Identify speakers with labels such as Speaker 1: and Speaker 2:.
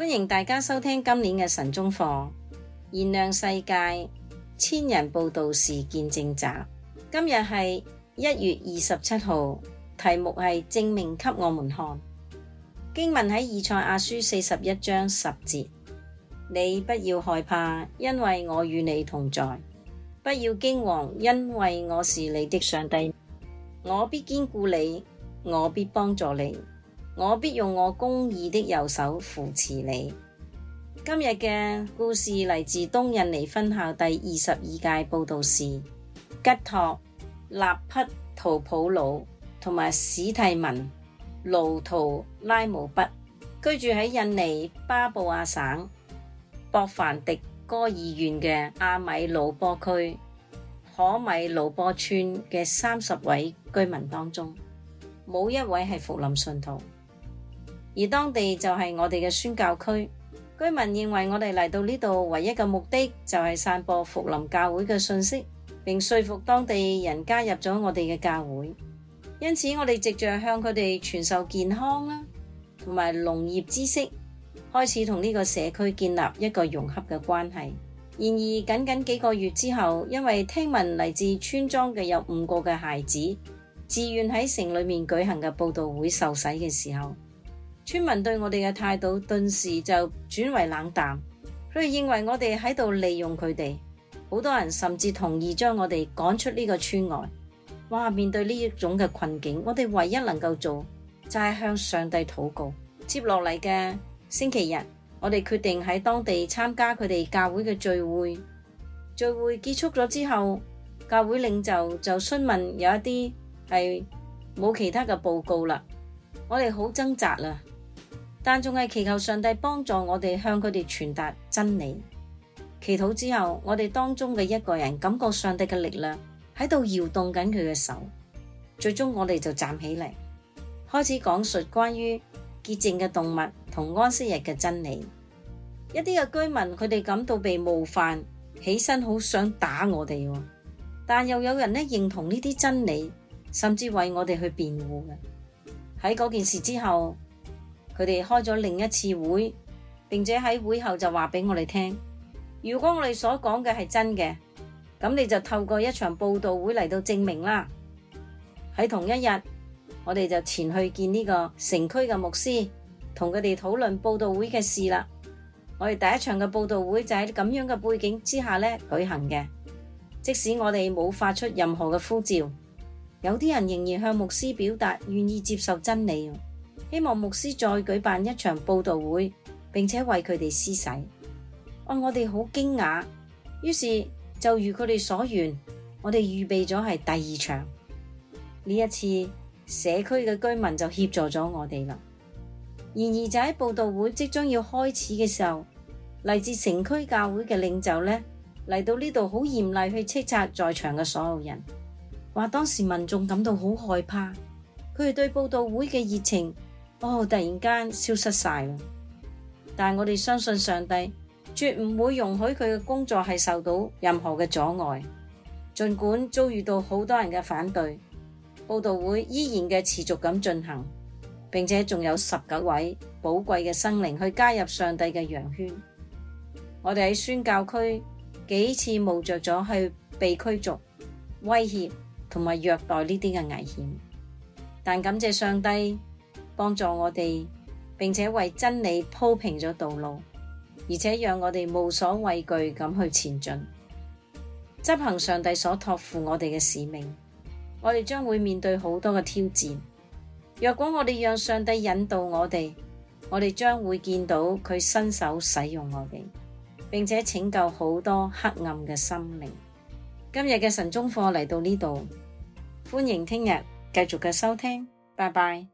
Speaker 1: 歡迎大家收聽今年嘅晨鐘課，燃亮世界千人佈道士見證集。今日係一月二十七號，題目係證明給我們看。經文喺以賽亞書四十一章十節：你不要害怕，因為我與你同在；不要驚惶，因為我是你的上帝。我必堅固你，我必幫助你。我必用我公義的右手扶持你。今日嘅故事嚟自東印尼分校第二十二屆布道士吉托納匹圖普魯同埋史蒂文路圖拉姆畢，居住喺印尼巴布亞省博凡迪戈爾縣嘅阿米盧波區可米盧波村嘅三十位居民當中，冇一位係福林信徒。而當地就係我哋嘅宣教區，居民認為我哋嚟到呢度唯一嘅目的就係散播福臨教會嘅信息，並說服當地人加入咗我哋嘅教會。因此，我哋藉著向佢哋傳授健康啦，同埋農業知識，開始同呢個社區建立一個融洽嘅關係。然而，僅僅幾個月之後，因為聽聞嚟自村莊嘅有五個嘅孩子自願喺城裏面舉行嘅佈道會受洗嘅時候。村民對我哋嘅態度頓時就轉為冷淡，佢哋認為我哋喺度利用佢哋，好多人甚至同意將我哋趕出呢個村外。哇！面對呢一種嘅困境，我哋唯一能夠做就係向上帝禱告。接落嚟嘅星期日，我哋決定喺當地參加佢哋教會嘅聚會。聚會結束咗之後，教會領袖就詢問有一啲係冇其他嘅報告啦。我哋好掙扎啦。但仲係祈求上帝幫助我哋向佢哋傳達真理。祈禱之後，我哋當中嘅一個人感覺上帝嘅力量喺度搖動緊佢嘅手，最終我哋就站起嚟，開始講述關於潔淨嘅動物同安息日嘅真理。一啲嘅居民佢哋感到被冒犯，起身好想打我哋。但又有人呢認同呢啲真理，甚至為我哋去辯護嘅。喺嗰件事之後。佢哋開咗另一次會，並且喺會後就話俾我哋聽，如果我哋所講嘅係真嘅，咁你就透過一場佈道會嚟到證明啦。喺同一日，我哋就前去見呢個城區嘅牧師，同佢哋討論佈道會嘅事啦。我哋第一場嘅佈道會就喺咁樣嘅背景之下咧舉行嘅。即使我哋冇發出任何嘅呼召，有啲人仍然向牧師表達願意接受真理。希望牧師再舉辦一場佈道會，並且為佢哋施洗。哦，我哋好驚訝，於是就如佢哋所願，我哋預備咗係第二場。呢一次，社區嘅居民就協助咗我哋啦。然而，就喺布道會即將要開始嘅時候，嚟自城區教會嘅領袖呢嚟到呢度，好嚴厲去斥責在場嘅所有人，話當時民眾感到好害怕，佢哋對佈道會嘅熱情。哦！Oh, 突然間消失晒，但我哋相信上帝絕唔會容許佢嘅工作係受到任何嘅阻礙，盡管遭遇到好多人嘅反對，布道會依然嘅持續咁進行，並且仲有十九位寶貴嘅生靈去加入上帝嘅羊圈。我哋喺宣教區幾次冒着咗去被驅逐、威脅同埋虐待呢啲嘅危險，但感謝上帝，幫助我哋，並且為真理鋪平咗道路，而且讓我哋無所畏懼咁去前進，執行上帝所託付我哋嘅使命。我哋將會面對好多嘅挑戰。若果我哋讓上帝引導我哋，我哋將會見到佢伸手使用我哋，並且拯救好多黑暗嘅生命。今日嘅晨鐘課嚟到呢度，歡迎聽日繼續嘅收聽。拜拜。